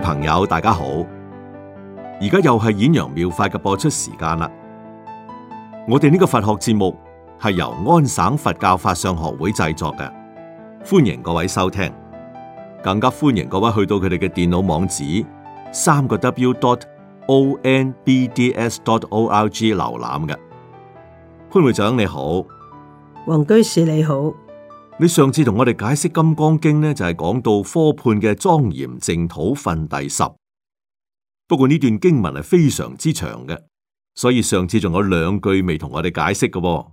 朋友，大家好！而家又係《演揚妙法》嘅播出時間啦。我哋呢個佛學節目係由安省佛教法相學會製作嘅，歡迎各位收聽，更加歡迎各位去到佢哋嘅電腦網址三個 W 點 O N B D S 點 O R G 瀏覽嘅。潘會長你好，黃居士你好。你上次同我哋解釋《金剛經》咧，就係、是、講到科判嘅莊嚴淨土分第十。不過呢段經文係非常之長嘅，所以上次仲有兩句未同我哋解釋嘅、哦。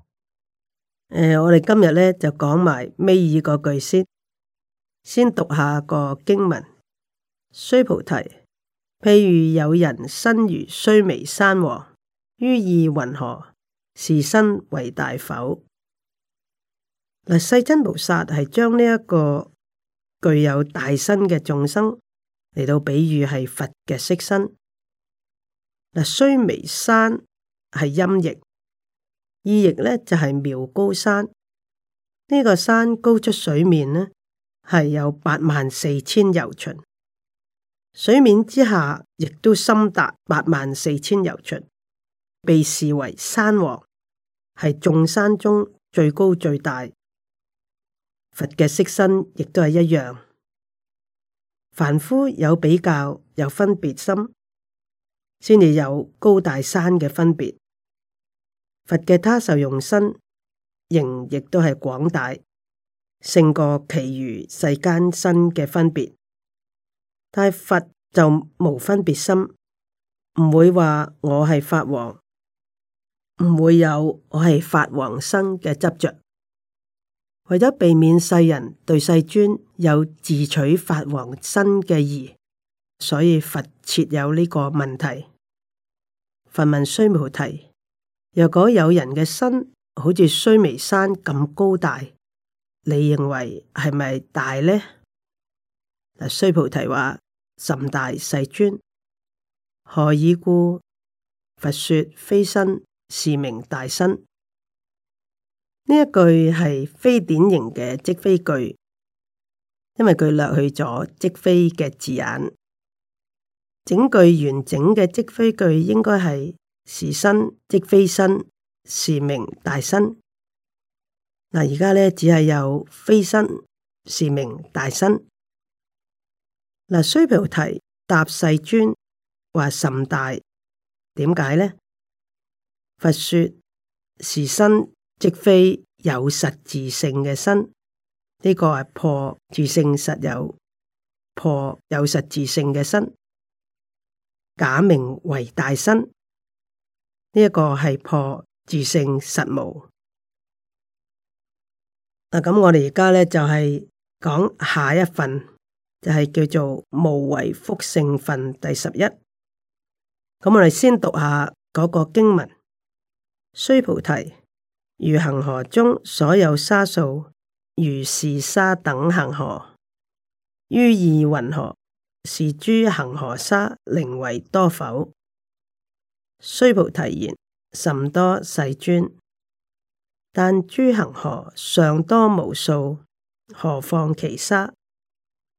誒、呃，我哋今日咧就講埋尾二嗰句先，先讀下個經文。須菩提，譬如有人身如須彌山王，於意云何，是身為大否？世尊，菩薩係將呢一個具有大身嘅眾生嚟到比喻係佛嘅色身。嗱，須彌山係音譯，意譯咧就係、是、妙高山。呢、這個山高出水面呢，係有八萬四千由旬，水面之下亦都深達八萬四千由旬，被視為山王，係眾山中最高最大。佛嘅色身亦都係一樣，凡夫有比較，有分別心，先至有高大山嘅分別。佛嘅他受用身，形亦都係廣大，勝過其餘世間身嘅分別。但佛就無分別心，唔會話我係法王，唔會有我係法王身嘅執着。為咗避免世人對世尊有自取法王身嘅疑，所以佛設有呢個問題。佛問須菩提：若果有人嘅身好似須彌山咁高大，你認為係咪大呢？」嗱，須菩提話：甚大世尊，何以故？佛說非身，是名大身。呢一句係非典型嘅即非句，因為佢略去咗即非嘅字眼。整句完整嘅即非句應該係是身即非身，是名大身。嗱，而家咧只係有非身，是名大身。嗱，須菩提答世尊話甚大，點解咧？佛說是身。即非有實自性嘅身，呢、這個係破自性實有；破有實自性嘅身，假名為大身，呢、這、一個係破自性實無。啊，咁、嗯、我哋而家咧就係、是、講下一份，就係、是、叫做無為福勝分第十一。咁、嗯、我哋先讀下嗰個經文，須菩提。如恆河中所有沙數，如是沙等恆河，於意云何，是諸恆河沙寧為多否？須菩提言，甚多世尊。但諸恆河尚多無數，何況其沙？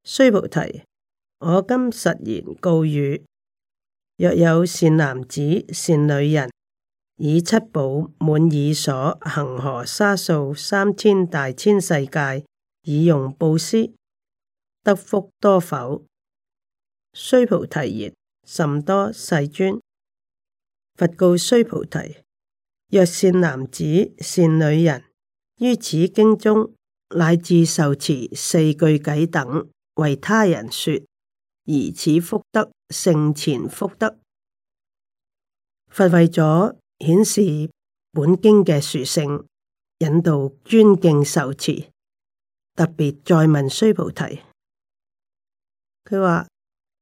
須菩提，我今實言告語：若有善男子、善女人。以七寶滿爾所恆河沙數三千大千世界，以用布施，得福多否？須菩提言：甚多世尊。佛告須菩提：若善男子、善女人於此經中乃至受持四句偈等，為他人說，而此福德勝前福德。佛為咗。顯示本經嘅殊勝，引導尊敬受持。特別再問須菩提，佢話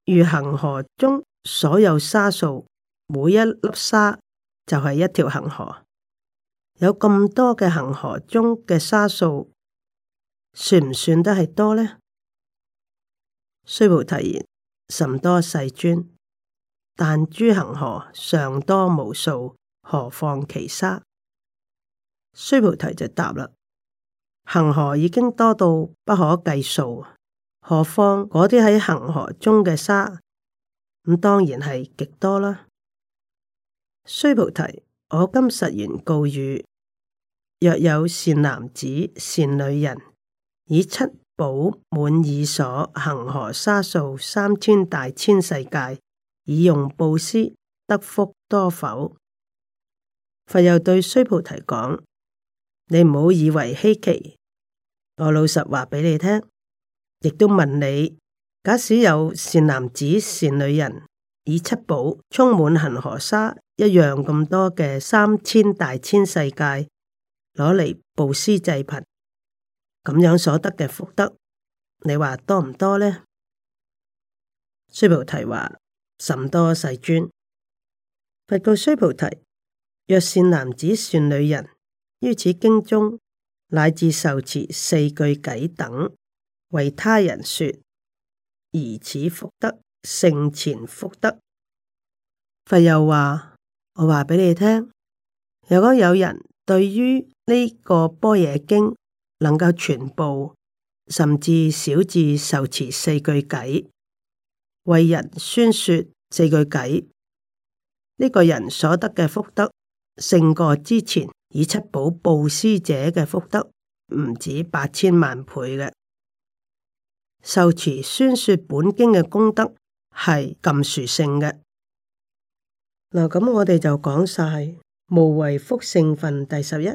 如恒河中所有沙數，每一粒沙就係一條恒河，有咁多嘅恒河中嘅沙數，算唔算得係多呢？須菩提言：甚多世尊，但諸恒河尚多無數。何況其沙，須菩提就答啦：恒河已經多到不可計數，何況嗰啲喺恒河中嘅沙，咁當然係極多啦。須菩提，我今實言告語：若有善男子、善女人，以七寶滿爾所恒河沙數三千大千世界，以用布施，得福多否？佛又對須菩提講：你唔好以為稀奇，我老實話畀你聽，亦都問你，假使有善男子、善女人以七寶充滿恒河沙一樣咁多嘅三千大千世界攞嚟布施濟貧，咁樣所得嘅福德，你話多唔多呢？須菩提話甚多世尊。佛告須菩提。若善男子、善女人於此經中乃至受持四句偈等，為他人說，而此福德，勝前福德，佛又話：我話畀你聽，如果有人對於呢個般若經能夠全部，甚至小至受持四句偈，為人宣說四句偈，呢、呢個人所得嘅福德。勝過之前以七寶布施者嘅福德，唔止八千萬倍嘅。受持宣說本經嘅功德係咁殊勝嘅。嗱，咁我哋就講晒無為福勝分第十一。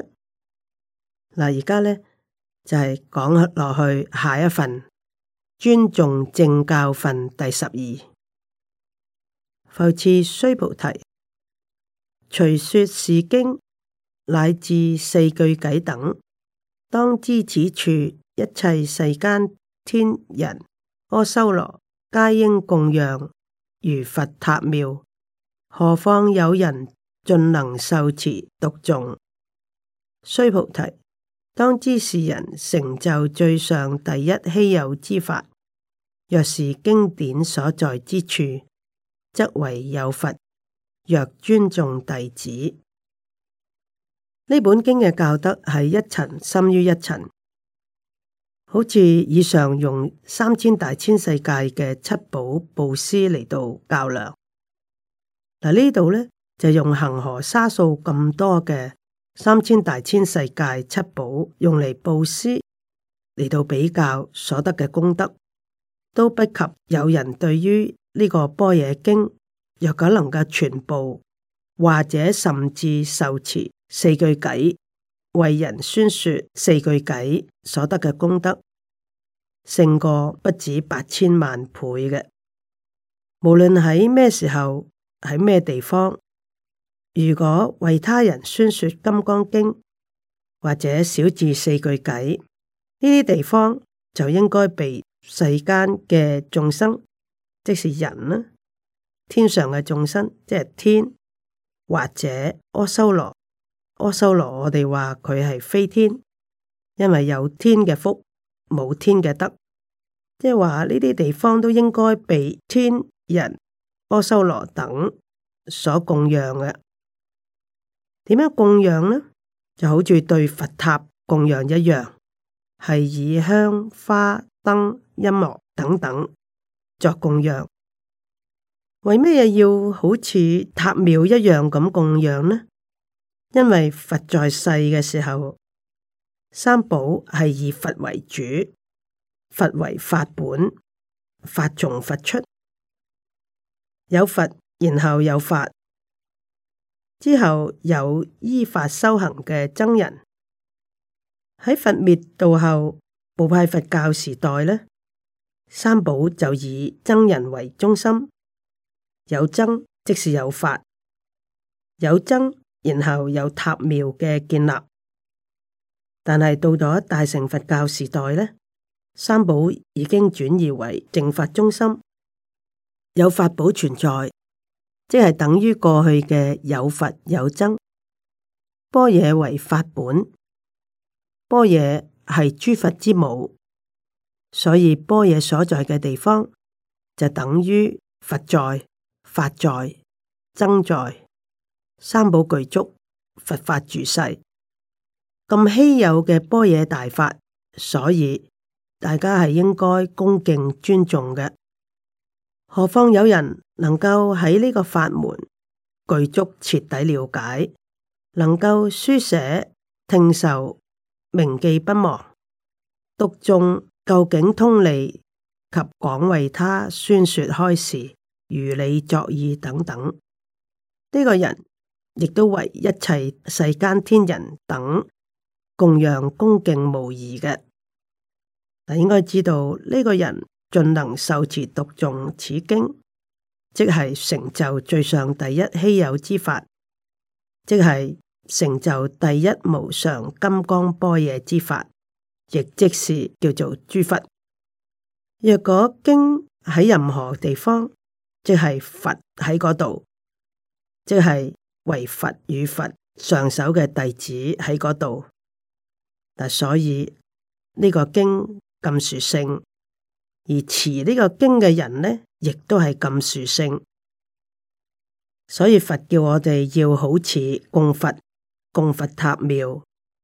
嗱，而家咧就係講落去下一份尊重正教分第十二。復次須菩提。隨說是經乃至四句偈等，當知此處一切世間天人阿修羅皆應供養，如佛塔廟。何況有人盡能受持讀誦？須菩提，當知是人成就最上第一稀有之法。若是經典所在之處，則為有佛。若尊重弟子，呢本經嘅教德係一層深於一層，好似以上用三千大千世界嘅七寶布施嚟到較量。嗱，呢度咧，就用恒河沙數咁多嘅三千大千世界七寶用嚟布施嚟到比較所得嘅功德，都不及有人對於呢個般若經。若果能夠全部，或者甚至受持四句偈，為人宣說四句偈所得嘅功德，勝過不止八千萬倍嘅。無論喺咩時候喺咩地方，如果為他人宣說金剛經或者少至四句偈呢啲地方，就應該被世間嘅眾生，即是人啦。天上嘅眾生，即係天或者阿修羅，阿修羅我哋話佢係非天，因為有天嘅福，冇天嘅德，即係話呢啲地方都應該被天人阿修羅等所供養嘅。點樣供養呢？就好似對佛塔供養一樣，係以香花燈、音樂等等作供養。為咩嘢要好似塔廟一樣咁供養呢？因為佛在世嘅時候，三寶係以佛為主，佛為法本，法從佛出，有佛然後有法，之後有依法修行嘅僧人。喺佛滅度後，部派佛教時代呢，三寶就以僧人為中心。有僧即是有法；有僧，然後有塔廟嘅建立。但係到咗大乘佛教時代咧，三寶已經轉移為正法中心。有法寶存在，即係等於過去嘅有佛有僧。般若為法本，般若係諸佛之母，所以般若所在嘅地方就等於佛在。法在僧在，三寶具足，佛法住世，咁稀有嘅般若大法，所以大家係應該恭敬尊重嘅。何況有人能夠喺呢個法門具足徹底了解，能夠書寫、聽受、銘記不忘，讀誦究竟通利及廣為他宣說開示。如理作意等等，呢、這個人亦都為一切世間天人等供養恭敬無疑嘅。嗱，應該知道呢、這個人盡能受持讀誦此經，即係成就最上第一稀有之法，即係成就第一無上金剛般若之法，亦即是叫做諸佛。若果經喺任何地方。即係佛喺嗰度，即係為佛與佛上首嘅弟子喺嗰度。啊，所以呢個經咁殊勝，而持呢個經嘅人呢，亦都係咁殊勝。所以佛叫我哋要好似供佛、供佛塔廟、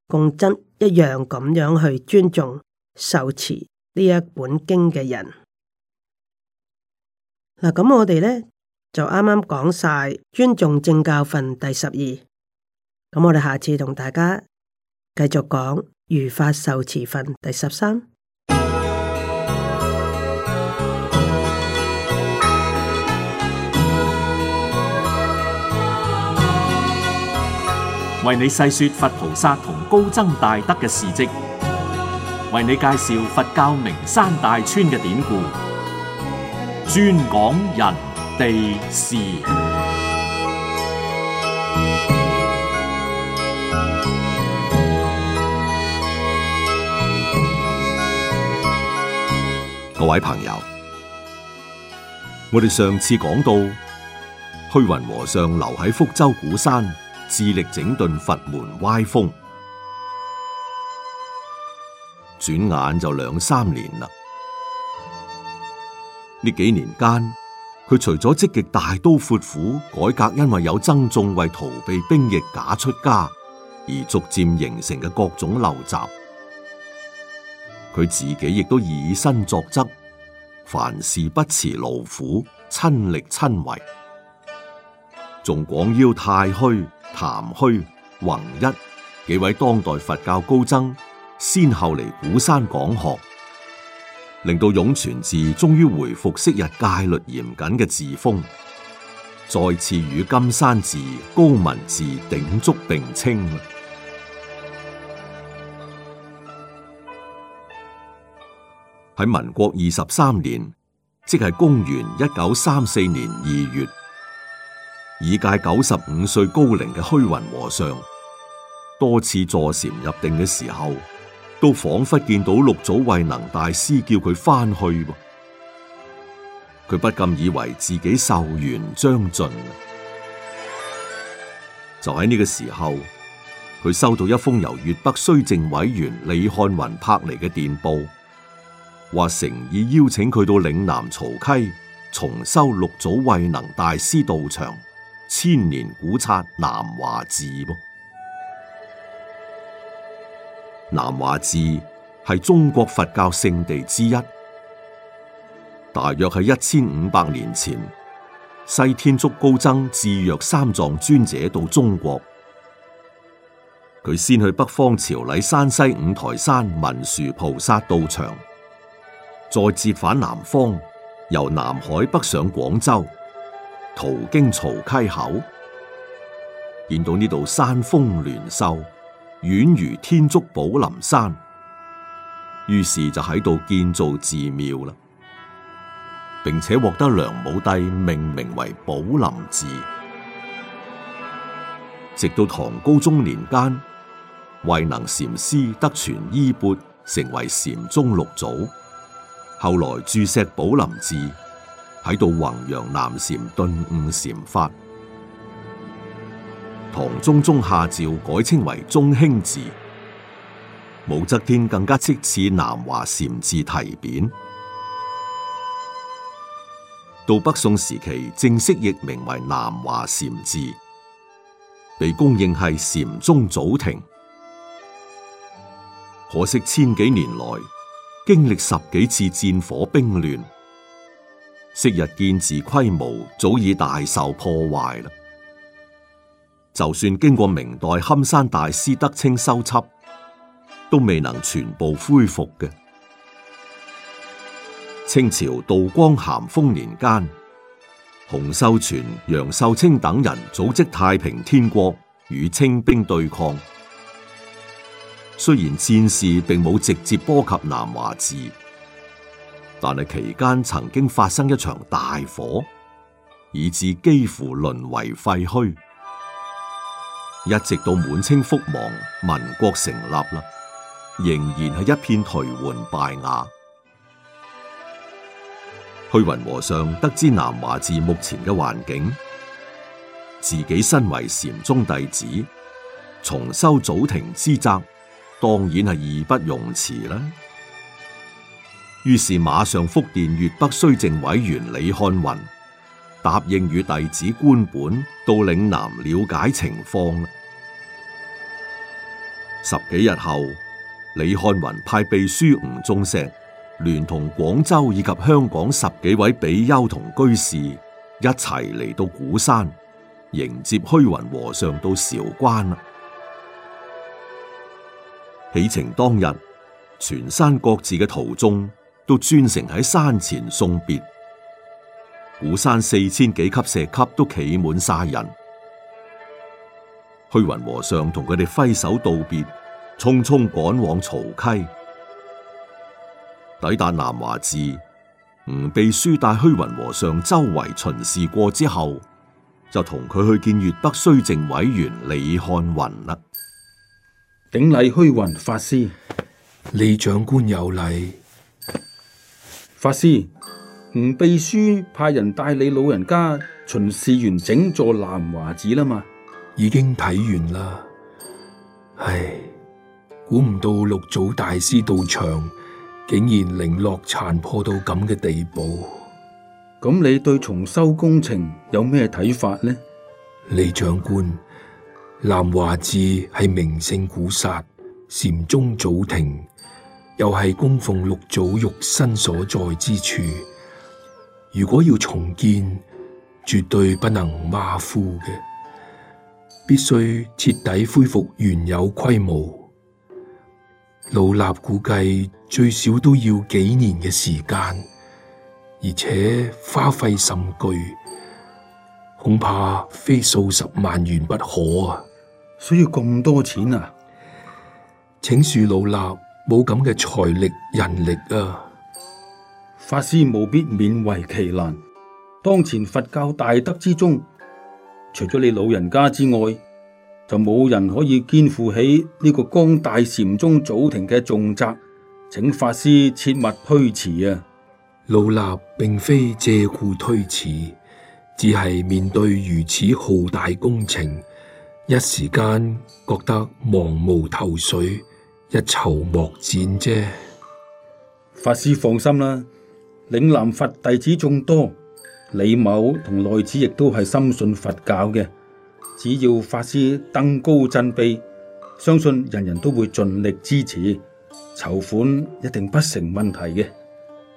供僧一樣咁樣去尊重受持呢一本經嘅人。嗱，咁、啊、我哋咧就啱啱講晒尊重正教分第十二，咁我哋下次同大家繼續講如法受持分第十三， 為你細說佛菩薩同高僧大德嘅事蹟，為你介紹佛教名山大川嘅典故。專講人哋事，各位朋友，我哋上次講到虛雲和尚留喺福州鼓山，致力整頓佛門歪風，轉眼就兩三年啦。呢幾年間，佢除咗積極大刀闊斧改革，因為有僧眾為逃避兵役假出家而逐漸形成嘅各種陋習，佢自己亦都以身作則，凡事不辭勞苦，親力親為，仲廣邀太虛、譚虛、弘一幾位當代佛教高僧先後嚟鼓山講學。令到湧泉寺終於回復昔日戒律嚴謹嘅寺風，再次與金山寺、高文寺鼎足並稱。喺民國二十三年，即係公元一九三四年二月，已屆九十五歲高齡嘅虛雲和尚，多次坐禪入定嘅時候，都仿佛見到六祖慧能大師叫佢返去啊，佢不禁以為自己壽元將盡。就喺呢個時候，佢收到一封由粵北綏靖委員李漢云拍嚟嘅電報，話誠意邀請佢到嶺南曹溪重修六祖慧能大師道場，千年古剎南華寺啊。南華寺係中國佛教聖地之一，大約係一千五百年前，西天竺高僧智藥三藏尊者到中國，佢先去北方朝禮山西五台山文殊菩薩道場，再折返南方，由南海北上廣州，途經曹溪口，見到呢度山峰連秀。遠如天竺寶林山，於是就喺度建造寺廟啦，並且獲得梁武帝命名為寶林寺。直到唐高宗年間，慧能禪師得傳衣缽，成為禪宗六祖。後來駐錫寶林寺喺度弘揚南禪頓悟禪法。唐中宗下詔改稱為中興寺，武則天更加敕賜南華禪寺題匾。到北宋時期正式易名為南華禪寺，被公認係禪宗祖庭。可惜千幾年來，經歷十幾次戰火兵亂，昔日建寺規模早已大受破壞。就算經過明代堪山大師德清修葺，都未能全部恢復嘅。清朝道光咸豐年間，洪秀全、楊秀清等人組織太平天國與清兵對抗。雖然戰事並冇直接波及南華寺，但係期間曾經發生一場大火，以致幾乎淪為廢墟。一直到滿清覆亡，民國成立啦，仍然係一片頹垣敗瓦。虛雲和尚得知南華寺目前嘅環境，自己身為禪宗弟子，重修祖庭之責，當然係義不容辭啦。於是馬上復電粵北綏靖委員李漢雲，答應與弟子觀本到嶺南了解情況。十幾日後，李漢雲派秘書吳中石，聯同廣州以及香港十幾位比丘同居士一齊嚟到鼓山迎接虛雲和尚到韶關。起程當日，全山各自嘅途中都專程喺山前送別。鼓山四千幾級石級都企滿晒人。虛雲和尚同佢哋揮手道別，匆匆趕往曹溪。抵達南華寺，吳秘書帶虛雲和尚周圍巡視過之後，就同佢去見粵北綏靖委員李漢云啦。頂禮虛雲法師，李長官有禮。法師，吳秘書派人帶你老人家巡視完整座南華寺啦嘛。已經睇完啦，唉，估唔到六祖大師道場竟然零落殘破到咁嘅地步。咁你對重修工程有咩睇法呢？李長官，南華寺係名勝古剎，禪宗祖庭，又係供奉六祖肉身所在之處。如果要重建，絕對不能馬虎嘅。必須徹底恢復原有規模，老衲估計最少都要幾年嘅時間，而且花費甚巨，恐怕非數十萬元不可啊！需要咁多錢啊？請恕老衲冇咁嘅財力人力啊！法師務必勉為其難，當前佛教大德之中。除咗你老人家之外，就冇人可以肩負起呢個光大禪宗祖庭嘅重責，請法師切勿推辭啊！老衲並非借故推辭，只係面對如此浩大工程，一時間覺得茫無頭緒，一籌莫展啫。法師放心啦，嶺南佛弟子眾多。李某同內子亦都係深信佛教嘅，只要法師登高振臂，相信人人都會盡力支持，籌款一定不成問題嘅。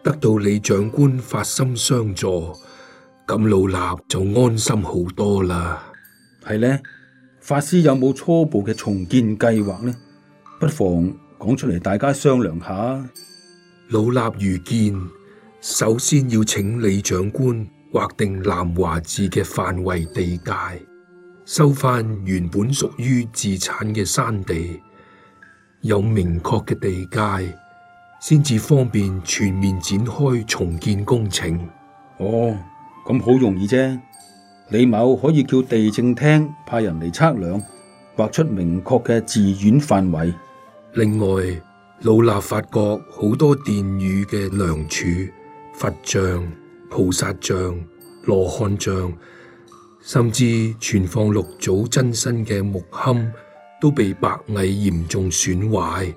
得到李長官發心相助，咁老衲就安心好多啦。係呢？法師有冇初步嘅重建計劃呢？不妨講出嚟，大家商量下。老衲愚見，首先要請李長官，劃定南華寺嘅範圍地界，收翻原本屬於自產嘅山地，有明確嘅地界，先至方便全面展開重建工程。哦，咁好容易啫啊！李某可以叫地政廳派人嚟測量，劃出明確嘅寺院範圍。另外，老衲發覺好多殿宇嘅梁柱、佛像、菩薩像、羅漢像，甚至存放六祖真身嘅木龕，都被白蟻嚴重損壞。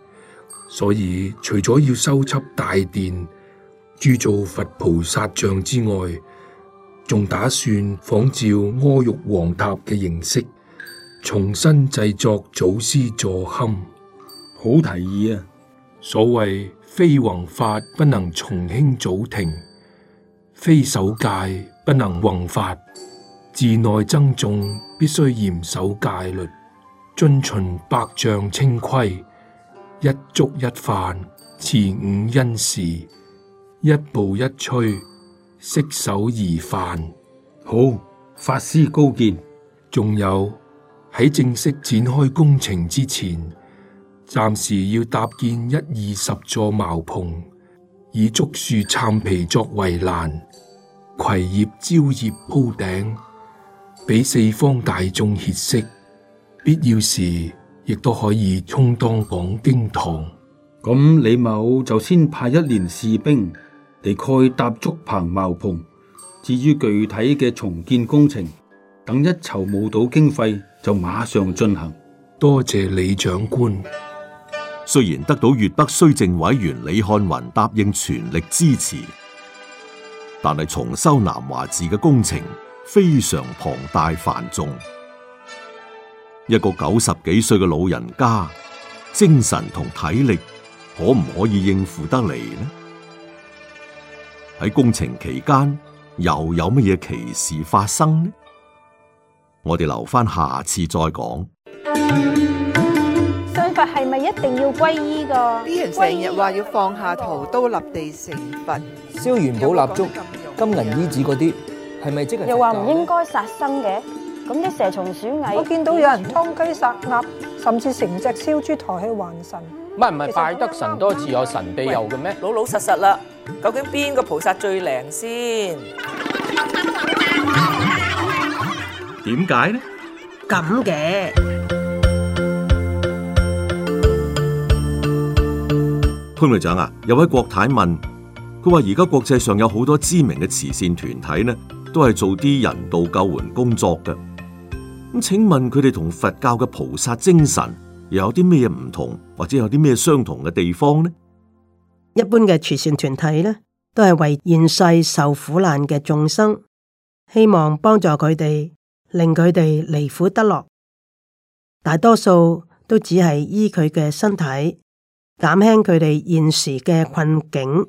所以，除咗要修葺大殿、鑄造佛菩薩像之外，仲打算仿照阿育王塔嘅形式，重新製作祖師座龕。好提議啊！所謂非弘法不能重興祖庭。非守戒不能弘法，寺內僧眾必須嚴守戒律，遵循百丈清規，一粥一飯，持午二時，一步一趨，息手而犯。好，法師高見。仲有喺正式展開工程之前，暫時要搭建一二十座茅棚。以竹樹杉皮作圍欄，葵葉蕉葉鋪頂，俾四方大眾歇息。必要時，亦都可以充當講經堂。咁李某就先派一連士兵嚟蓋搭竹棚茅棚，至於具體嘅重建工程，等一籌募到經費就馬上進行。多謝李長官。雖然得到粵北綏靖委員李漢云答應全力支持，但係重修南華寺嘅工程非常龐大繁重，一個九十幾歲嘅老人家，精神同體力可唔可以應付得嚟呢？喺工程期間又有乜嘢奇事發生呢？我哋留翻下次再講。 佛係咪一定要皈依噶？啲人成日話要放下屠刀立地成佛，燒元寶蠟燭、金銀衣紙嗰啲，係咪即係？又話唔應該殺生嘅，咁啲蛇蟲鼠蟻，我見到有人劏雞殺鴨，甚至成隻燒豬抬去還神。唔係唔係，拜得神多自有神庇佑嘅咩？老老實實啦，究竟邊個菩薩最靈先？點解呢？咁嘅。潘隊長啊，有位郭太問，佢話而家國際上有好多知名嘅慈善團體呢，都係做啲人道救援工作嘅。咁請問佢哋同佛教嘅菩薩精神又有啲咩嘢唔同，或者有啲咩相同嘅地方呢？一般嘅慈善團體呢，都係為現世受苦難嘅眾生，希望幫助佢哋，令佢哋離苦得樂。大多數都只係醫佢嘅身體。減輕佢哋現時嘅困境，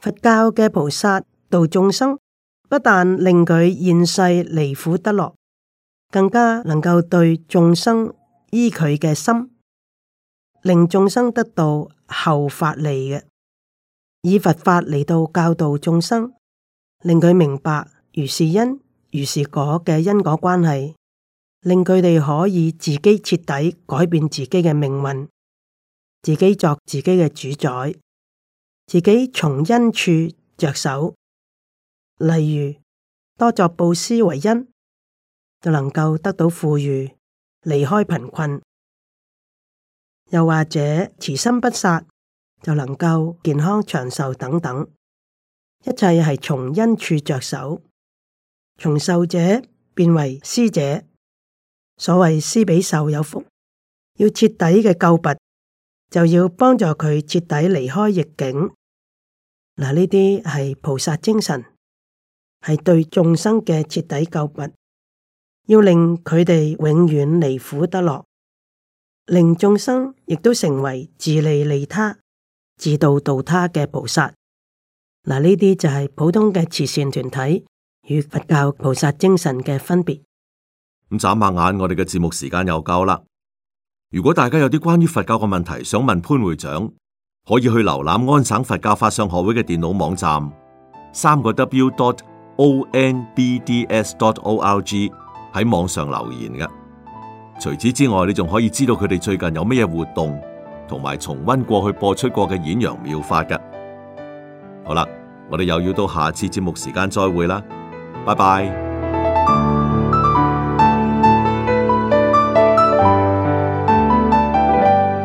佛教嘅菩薩度眾生，不但令佢現世離苦得樂，更加能夠對眾生醫佢嘅心，令眾生得到後法利嘅，以佛法嚟到教導眾生，令佢明白如是因如是果嘅因果關係，令佢哋可以自己徹底改變自己嘅命運。自己作自己嘅主宰，自己從因處着手，例如多作布施為因，就能夠得到富裕，離開貧困；又或者慈心不殺，就能夠健康長壽等等。一切係從因處着手，從受者變為施者，所謂施比受有福，要徹底嘅救拔。就要幫助佢徹底離開逆境，嗱呢啲係菩薩精神，係對眾生嘅徹底救拔，要令佢哋永遠離苦得樂，令眾生亦都成為自利利他、自度度他嘅菩薩。嗱呢啲就係普通嘅慈善團體與佛教菩薩精神嘅分別。咁眨下眼，我哋嘅節目時間又夠啦。如果大家有啲關於佛教嘅問題想問潘會長，可以去瀏覽安省佛教法相學會嘅電腦網站，三個 W dot O N B D S dot O R G 喺網上留言嘅。除此之外，你仲可以知道佢哋最近有咩活動，同埋重温過去播出過嘅演揚妙法嘅。好啦，我哋又要到下次節目時間再會啦，拜拜。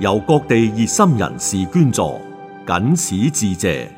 由各地熱心人士捐助，謹此致謝。